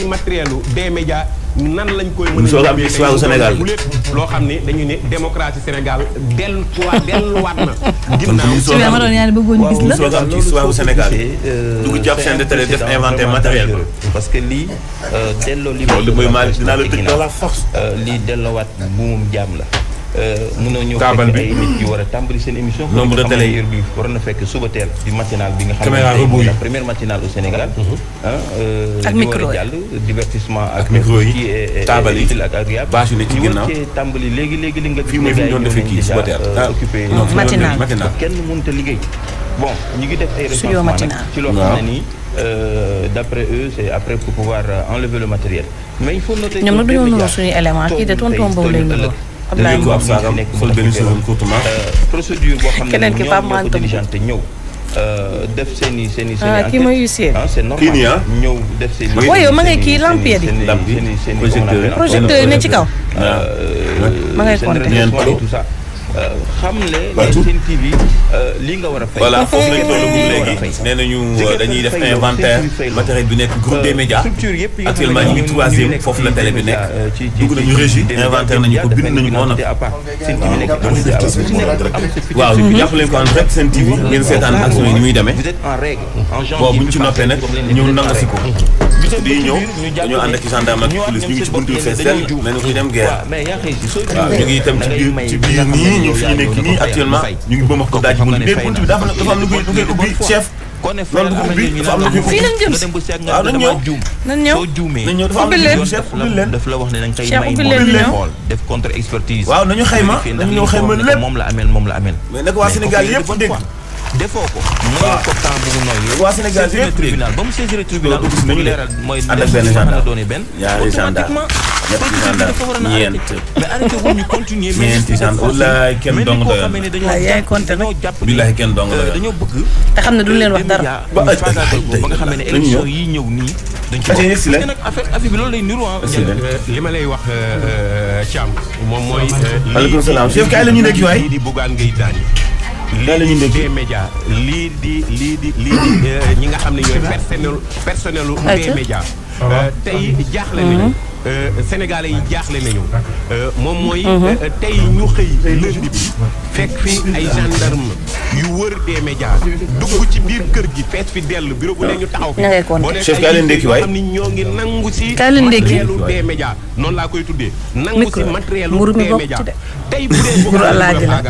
ci matériel lu des médias nan lañ koy mën a am Sénégal loo xam ne dañu ni démocratie Sénégal delluwaat delluwaat na ginnaaw su ma doon yaa bëggoon gis la soog Sénégal euh, dugg jàpp de télé def inventé matériel bi parce que lii euh, delloo li mooy mal dinaa la tëj dans la force euh, lii delloowaat buumum jaam la Euh, mënoo ñëw fekk ay nit yu war a tàmbali seen émission nombre de télé heure bi waroon na fekk suba teel di matinal bi nga xam ne la première matinale au mhm. ah, euh, a jàll divertissement ak micro yi taabal li nga fii mooy euh, ah. fi ñu doon ñu ngi def ay recensement nag ci loo xam ne nii d'après eux c'est suñu élément kii de tonton boobu lay nuroo Abdoulaye Ngom mi nekk mu procédure boo xam ne ñoom ñoo ko diligente def seen i seen i seen i. ah mooy huissier. ah c'est normal def seen projecteur ne ci kaw. ma ngay compter xam ne. baatu Sen euh, foofu lañ toll bu léegi nee nañu euh, dañuy def inventaire matériel bi nekk groupe des euh, médias. actuellement ñu ngi troisième foofu la télé bi nekk. dugg nañu régie inventaire nañu ko bind nañu ko nag. waaw jàpp leen ko en direct Sen TV ngeen seetaan action yi muy demee. boo bu ñu ci noppee nag ñëw nangu ci biir ñëw dañoo ànd ak gendarme ak police ñu ngi ci buntu fees am lu ñëw nañ ñëw ñëw dafa am lu chef ubbil leen chef ubbil leen def contre expertise waaw nañu xayma nañu ñëw xayma lépp mais nag waa defoo ko. waaw ko temps bu mu noyyi. waa Sénégal yëpp tribunal ba mu saisir tribunal. mu ngi mooy. ànd benn gendarme benn. ñaari gendarme ñetti gendarme ñeent. mais arrêté wu ñu continuer. ñeenti gendarme walaay kenn dong doyoon na waaw yaay dañoo bëgg. te xam ne duñu leen wax dara. ba ay ay ay ba nga xam ne élection yi ñëw nii. dañ ci wax parce que nag affaire affaire bi loolu lay niru ah. Euh, euh, li ma lay wax euh, Thiam. moom mooy. aleykum salaam chef kaay la ñu nekk waay. lii lii di des lii di lii di lii euh, ñi nga xam ne ñooy personnel personnelu des médias euh, tey na mm-hmm. nañu Euh, sénégalais yi jaaxle nañu euh, moom mooy mhm. euh, tey ñu xëy lundi bi fekk fi ay gendarme yu wër des médias dugg ci biir kër gi fees fi dell bureau bu ne ñu taxaw fi boo leen waay xam ni ñoo ngi nangu si matérielu des noonu laa koy tuddee nangu si matérielu des médias tey bu dee mburu alaaji la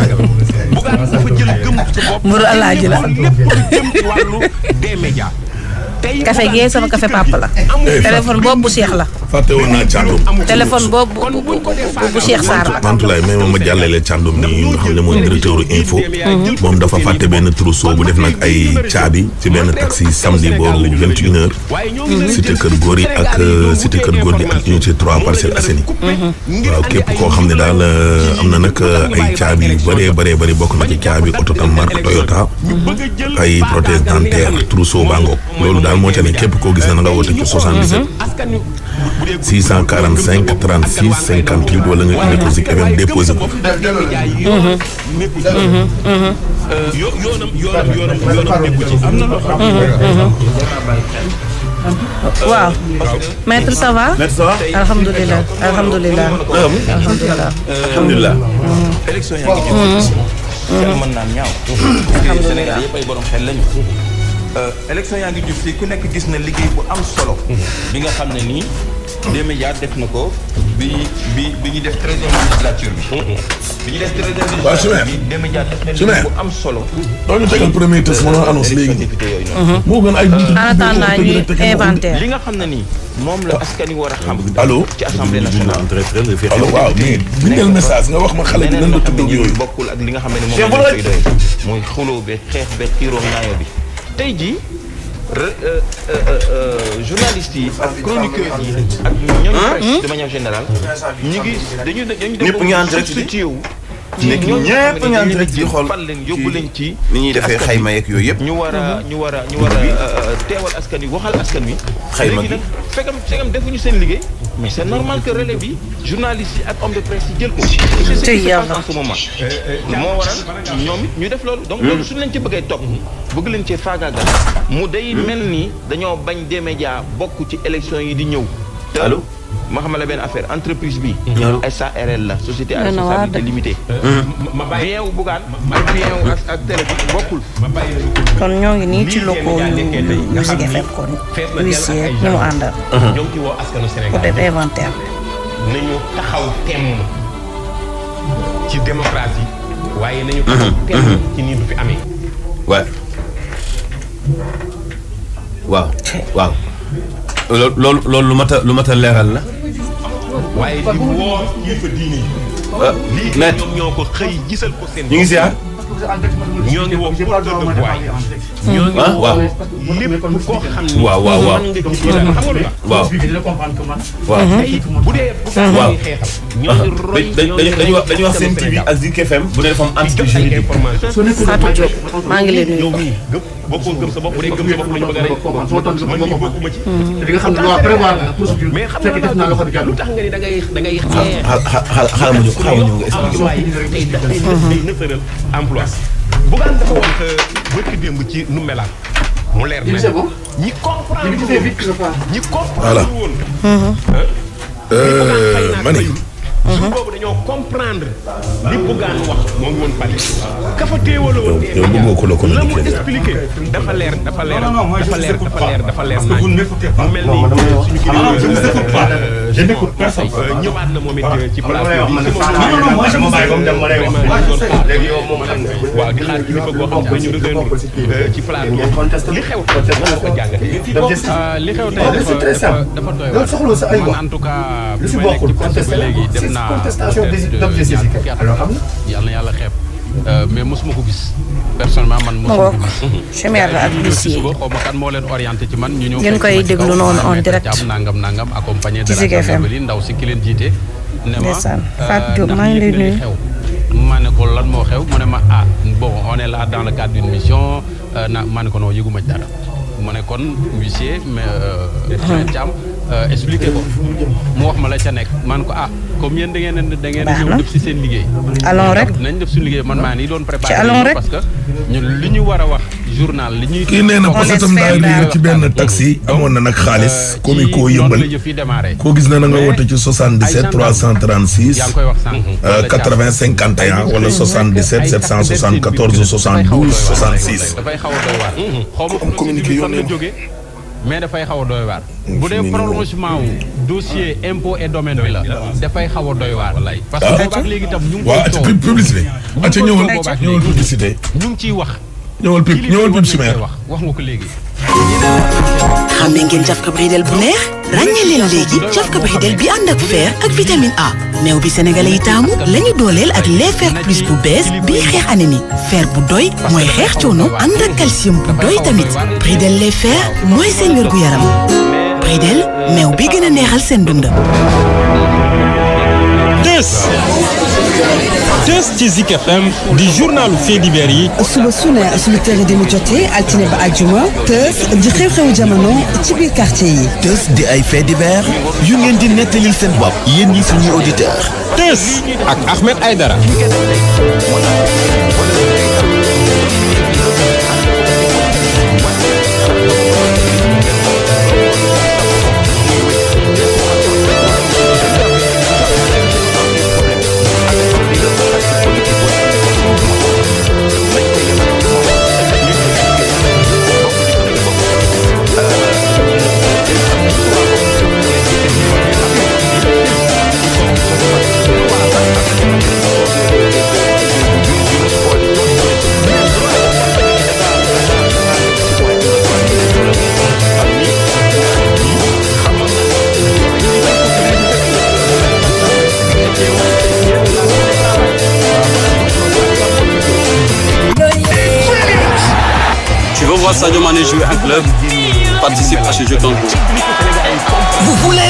bugaan dafa jël gëm ci bopp mburu alaaji la lépp lu jëm ci wàllu des café gi sama café papa la. Eh, la. fàtte woon naa càndum. téléphone boobu bu bu la. Mantoulaye may ma jàllale càndum nii nga xam ne mooy directeur info. Mhm. moom dafa fàtte benn trousseau bu def nag ay caabi ci benn taxi samedi booru vingt une heure. cité kër góor yi ak euh, cité kër góor gi ak unité trois Parcelles Assainies. Mhm. képp koo xam ne daal euh, am na nag euh, ay caabi yu bëree bëree bëri bokk na ci caabi oto tam marque Toyota. Mhm. ay prothèse dentaire trousseau baa ngoog loolu daal moo ca ne képp koo gis ne na nga woote ci 77. 645 36 58 wala nga indi ko Zik FM déposé ko. yoonam yoonam yoonam yoonam nekku ci am na loo xam waaw. maître ça va. maître ça va. alhamdulilah alhamdulilah. alhamdulilah. alhamdulilah. élection yaa ngi jëm. Mhm. mën mhm. naa ñaaw. parce que Sénégal yëpp ay borom mhm. xel lañu. Euh, élection yaa ngi jub si ku nekk gis na liggéey bu am solo. bi nga xam ne nii. des médias def na ko bi bi bi ñu def treizième législature bi. bi ñu def treizième législature bi des médias def na liggéey bu am solo. doo ñu tegal premier test mën a annonce léegi. Mhm. moo gën ay buntu li nga xam ne nii moom la askan wi war a xam. allo ci assemblée nationale. allo waaw mais bindal message nga wax ma xale bi nan la tudd ak yooyu. bokkul ak li nga xam ne moom la ñu koy doy. mooy xuloo bi xeex bi xiiroo naayo bi. tey jii euh, euh, euh, journalistes yi ak chroniqueurs yi ak ñooñu presse de hmm? manière générale ñu ngi dañu dañu dem ba substitué wu nekk ñëpp nga am rek di xool fan leen yóbbu leen ci ni ñuy defee xayma yeeg yooyu yëpp ñu war ñu war a ñu war a euh, euh, teewal askan wi waxal askan wi xayma bi nag fekam fekam defuñu seen liggéey mais c'est normal que relais bi journaliste yi ak homme de presse yi jël ko se passe en ce moment eh, eh, moo waral ñoom it ñu def loolu donc hmm. loolu suñ leen ci bëggee topp bëgg leen ci faagaagal mu day hmm. mel nii dañoo bañ des bokk ci élection yi di ñëw allo ma xamal la benn affaire entreprise bi. Mm-hmm. SARL la société à responsabilité limitée. ma bàyyi kon ñoo ngi nii ci locaux yu Zik FM kon mu àndal. Mm-hmm. ñoo ngi ci askanu Sénégal peut-être inventaire nañu taxaw temm ci démocratie waaye nañu mm-hmm. fi amee. waaw waaw waaw loolu lu mat a lu mat a leeral la. waaye di woo kilifa diine yi. Ah, lii ñoom ñoo ko xëy gisal ko seen. ñu ngi ziar. ñoo ngi woo porteur de voix yi. ñoo ngi woo lépp koo xam ne. waaw waaw waaw mën nga gis dara xam nga waaw waaw bu dee waaw dañuy wax dañuy wax seen TV ak Zik FM bu dee dafa am entité juridique. maa ngi leen di nuyu. bokkoo gëm sa bopp bu dee gëm sa bopp lañu bëgg a rey man lii bokkuma ci. di nga xam ne loi prévoir na procédure mais xam nga def naa loxo di gàllu. lu tax nga ni da ngay da ngay. xaaral ma ñu xaaral ma ñu nga expliqué. tey dafay nëfëral emploi Mass Bougane dafa wax bëkk démb ci nu melaan mu leer na ñi comprendre euh, ñi comprendre woon ma ni su boobu dañoo comprendre li Bougane wax moo ngi woon pale kafa téewala woon la mu expliqué dafa leer dafa leer dafa leer dafa leer dafa leer naaj mu mel ni suñu je n'écoute personne. ñëwaat na moom it ci place bi. non non moi je me bàyyi comme dama lay nga. waaw ci place bi. li xew ko jàngate. li xew tey dafa dafa doy waar. man en tout cas. lu si bokkul léegi dem naa. contestation d'objet saisi alors am na. yàlla yàlla Euh, mais mosuma ko gis personnellement man mosuma ko gis chimère la ak huissier suba xaw kan moo leen orienté ci man ñu ñëw ngeen koy déglu noonu en direct am nangam nangam accompagné de la ndaw si ki leen jiite ne ma euh, Fatou Diop maa ngi lay nuyu xew ma ne ko lan moo xew mu ne ma ah bon on est là dans le cadre d'une mission euh, na ma ne ko non yëguma ci dara mu ne kon huissier mais Thiam Euh, expliqué ko mu wax ma la ca nekk man ko ah comme yéen da ngeen da ngeen ñëw def rek a wax journal li ñuy kii nee na parce que tam daa lire ci benn taxi amoon na nag xaalis euh, comico yëmbal koo gis na na nga woote ci 77 336 80 51 wala 77 774 72 66 am communiqué yoon mais dafay xaw a doy waar. bu dee prolongement wu. dossier impôt et domaine bi la. Ah. dafay xaw a doy waar. parce que ah. boobaak léegi tam ñu ngi koy coow publicité. ñëwal publicité. ñu ngi ciy wax. ñëwal pub ñëwal pub wax wax nga ko léegi. xam ngeen jaf ko bu neex. ràññee leen léegi cafka baxidel bi ànd ak fer ak vitamine A meew bi sénégalais yi taamu lañu dooleel ak lait fer plus bu bees bii xeex anémie fer bu doy mooy xeex coono ànd ak calcium bu doy tamit bridel lait fer mooy seen wér gu yaram bridel meew bi gën a neexal seen dund tës tës ci Zik FM di journalu faits yi suba su ne suba teel di mu jotee altine ba àjjuma tës di xew-xewu jamono ci biir di ay faits divers yu ngeen di nettalil seen bopp yéen ñi suñuy auditeur tës ak Ahmed Aidara Sadio Mané joue un club participent à ce jeu d'enjeu. Vous voulez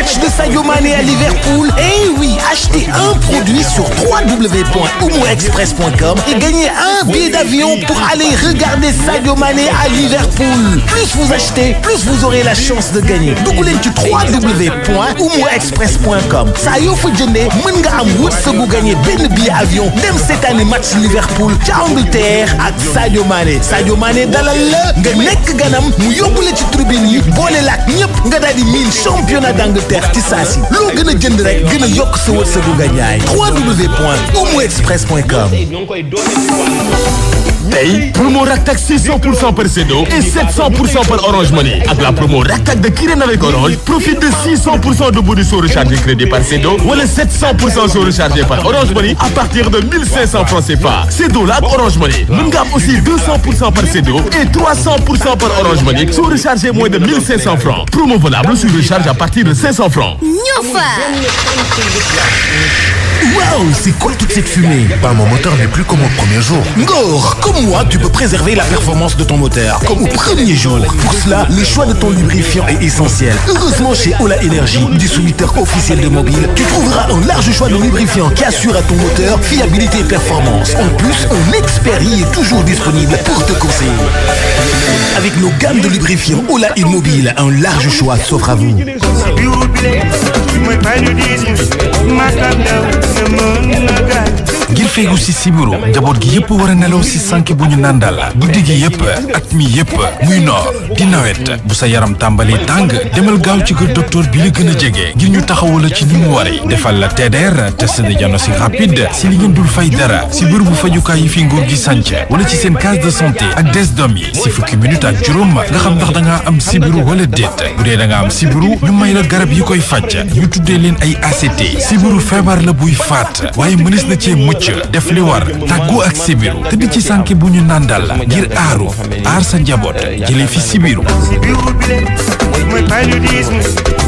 de Sadio Mané à Liverpool? Eh oui, achetez un produit sur www.oumouexpress.com et gagnez un billet d'avion pour aller regarder Sadio à Liverpool. Plus vous achetez, plus vous aurez la chance de gagner. Dugg leen ci www.oumouexpress.com. Saa yoo fa jëndee mën nga am wërsëgu gagner benn billet avion dem seetaani match Liverpool ca Angleterre ak Sadio Mané. Sadio Mané dalal la nga nekk ganam yóbbu la ci tribune yi boole laak ñëpp nga daal di miin championnat d'Angleterre ci saa si loo gën a jënd rek gën a yokk sa wërsëgu nga ñaay tey promo Raktak par Sedo et par Orange Money ak la promo Raktak de Kirène avec Orange profite de pour cent de bonus sur recharge crédit par Sedo wala pour cent sur recharge par Orange Money à partir de francs CFA Sedo la Orange Money mën aussi par Sedo et par Orange Money sur recharge moins de francs promo valable sur recharge à partir de francs. Waouh, c'est Comme moi, tu peux préserver la performance de ton moteur, comme au premier jour. Pour cela, le choix de ton lubrifiant est essentiel. Heureusement, chez Ola Energy, distributeur officiel de mobile, tu trouveras un large choix de lubrifiants qui assure à ton moteur fiabilité et performance. En plus, un expert y est toujours disponible pour te conseiller. Avec nos gammes de lubrifiants Ola Immobile, un large choix s'offre à feegu si sibiru njaboot gi yëpp war a nelaw si sànk bu ñu naan daal guddi gi yëpp at mi yëpp muy noor di nawet bu sa yaram tàmbali tàng demal gaaw ci kër docteur bi la gën a jege ngir ñu taxawul taxawala ci ni mu waree defal la TDR test de si rapide si li ngeen dul fay dara si bërëb bu fajukaay yi fi nguur gi sànc wala ci seen case de santé ak des yi si fukki minute ak juróom nga xam ndax da am sibiru wala déet bu dee da am sibiru ñu may la garab yi koy faj ñu tuddee leen ay ACT sibiru feebar la buy faat waaye mënees na cee mucc def li war tàggu ak sibiru tëdd ci sànke bu ñu nàndal la ngir aaru aar sa njaboot jëlee fi sibiru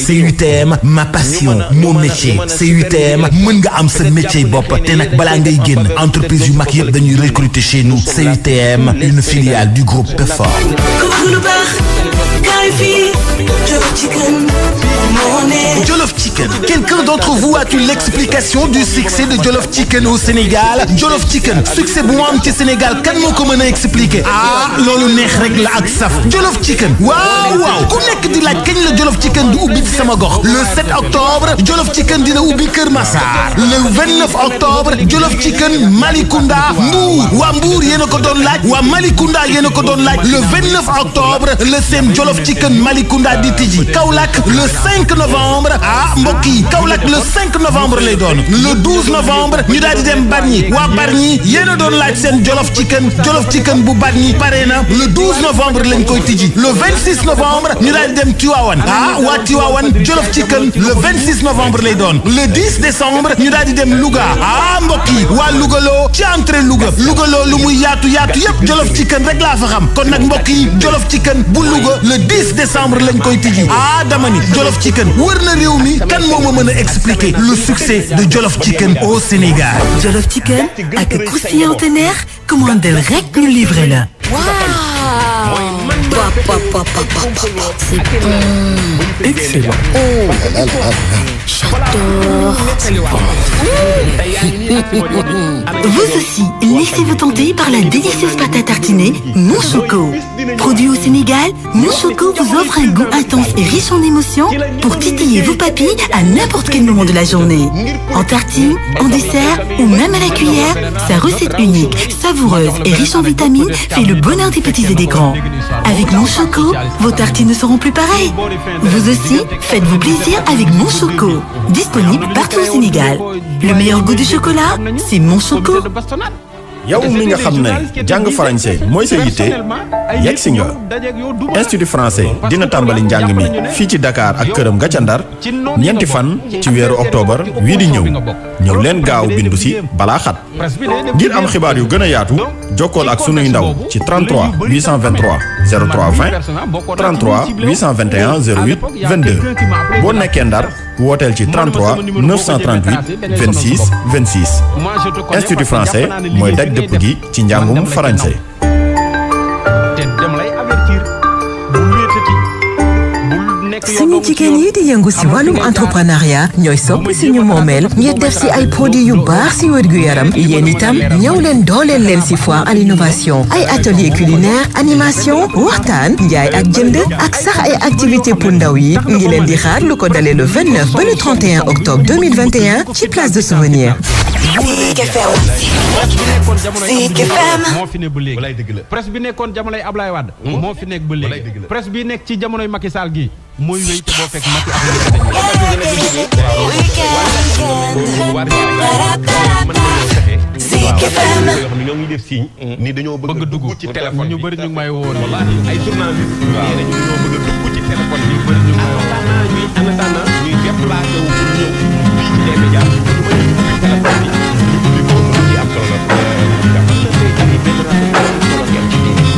c'est UTM ma passion mon métier c'est UTM mën nga am sa métier bopp te nag balaa ngay génn entreprise yu mag yëpp dañuy recruter chez nous c'est UTM une filiale du groupe Pefort Jollof Chicken. Quelqu'un d'entre vous a-t-il l'explication du succès de Jollof Chicken au Sénégal Jollof Chicken succès bu am ci Sénégal kan moo ko mën a expliquer ah loolu neex rek la ak saf Jollof Chicken waaw waaw ku nekk di laaj kañ la Jollof Chicken di ubbi sama gox le 7 octobre Jollof Chicken dina ubbi Kër Massar le 29 octobre Jollof Chicken Malicounda Mbour waa Mbour yéen a ko doon laaj a ko doon laaj le 29 octobre le sem Jollof Chicken Koungheul Malicounda di tijji Kaolack le 5 novembre ah mbokk yi Kaolack le 5 novembre lay doon le 12 novembre ñu daal di dem Bargny waa Bargny yéen a doon laaj seen Jolof Chicken Jolof Chicken bu Bargny pare na le novembre lañ koy tijji le novembre ñu daal dem Tivaouane ah waa Tivaouane Jolof Chicken le novembre lay doon le 10 décembre ñu daal dem Louga ah mbokk waa Louga ci entrée Louga Louga lu muy yaatu yaatu yëpp Jolof Chicken rek laa fa xam kon nag mbokk Jolof Chicken 6 décembre lañ koy tijji ah dama ni Jolof Chicken wër na kan moo ma mën a le succès de Jolof Chicken au Sénégal. Jolof Chicken ak croustillant en commandel rek ñu livré la. pop, pop, pop, C'est bon. Excellent. Oh là là là J'adore. Bon. Vous aussi, laissez-vous tenter par la délicieuse pâte à Mon Choco. Produit au Sénégal, Mon Choco vous offre un goût intense et riche en émotions pour titiller vos papilles à n'importe quel moment de la journée. En tartine, en dessert ou même à la cuillère, sa recette unique, savoureuse et riche en vitamines fait le bonheur des petits et des grands. Avec Mon Choco, Choco, vos tartines ne seront plus pareilles. Vous aussi, faites-vous plaisir avec Mon Choco. Disponible partout au Sénégal. Le meilleur goût du chocolat, c'est Mon yow mi nga xam na jàng français mooy sa yitte yegg si nga institut français dina tàmbali njàng mi fii ci dakaar ak këram nga ca Ndar ñeenti fan ci weeru octobre wii di ñëw ñëw leen gaaw bindu si balaa xat ngir am xibaar yu gën a yaatu jokkool ak sunuy ndaw ci 33 823 03 20 33 821 08 22 boo nekkee Ndar. wooteel ci 33 938 26 26 institut français mooy daj dëpp gi ci njàngum farañse suñu jigéen yi di yëngu si wàllum entrepreneuriat ñooy sopp suñu moomeel ngir def si ay produits yu baax si wér-gu-yaram yéen itam ñëw leen dooleel leen si foire à l'innovation ay atelier culinaire animation waxtaan njaay ak jënd ak sax ay activité pour ndaw yi ngi leen di xaar lu ko dalee le 29 ba le 31 octobre 2021 ci place de souvenir Zik FM. presse bi nekkoon jamono moo fi nekk bi nekkoon jamonoy Ablaye Wade. Hmm? moo fi nekk ba léegi. presse bi nekk ci jamonoy Macky Sall gii. mooy wéy te boo fekk Macky ak Zik FM yoo xam ne def signe. ni dañoo bëgg dugg ci téléphone ñu bëri ñu may woon. ay journaliste. waaw nee nañu ñoo bëgg a dugg ci téléphone bi ñu bëri ñu may woon.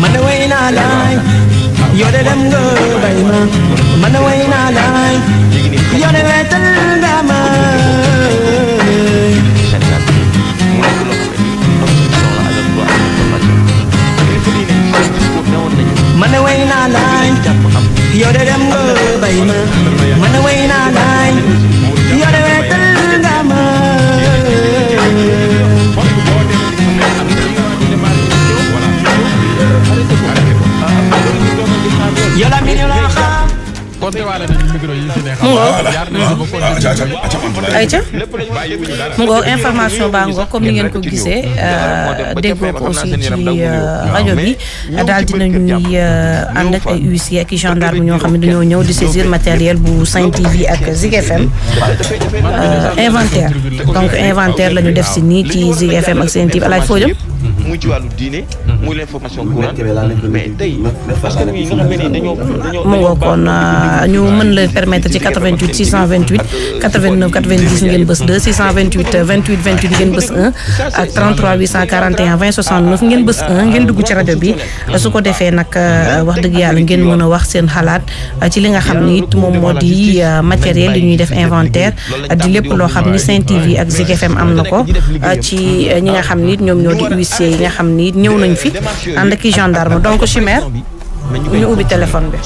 man way naa laay yow de dem nga bay ma man way naa laay yow de wetal nga ma man way naa laay yow de dem nga bay ma man way naa laay compté waale mu ngoog information baa ngoog comme ni ngeen ko gisee déggoo ko aussi ci rajo bi daal dinañuy ànd ak ay huissier ak i gendarme ñoo xam ne dañoo ñëw di saisir matériel bu Sen TV ak Zik FM inventaire donc inventaire la def si nii ci Zik ak Sen TV alaaj foo muy ci wàllu diine. Mhm. muy l'information courante mais tey askan wi nga xam ne dañoo dañoo. mu ngoog kon euh, ñu mën leen permettre ci 88 628 89 90 ngeen bës 2 628 28 28 ngeen bës 1 ak 33 841 20 69 ngeen bës 1 ngeen dugg ci rajo bi su ko defee nag euh, wax dëgg yàlla ngeen mën a wax seen xalaat euh, ci li nga xam ni it moom moo di matériel li ñuy def inventaire di lépp loo xam ni Sen TV ak Zik FM am na ko ci ñi nga xam ni ñoom ñoo di huissier yi nga xam ni ñëw nañ fi ànd ak i bi donc chimère ñu ubbi téléphone bi.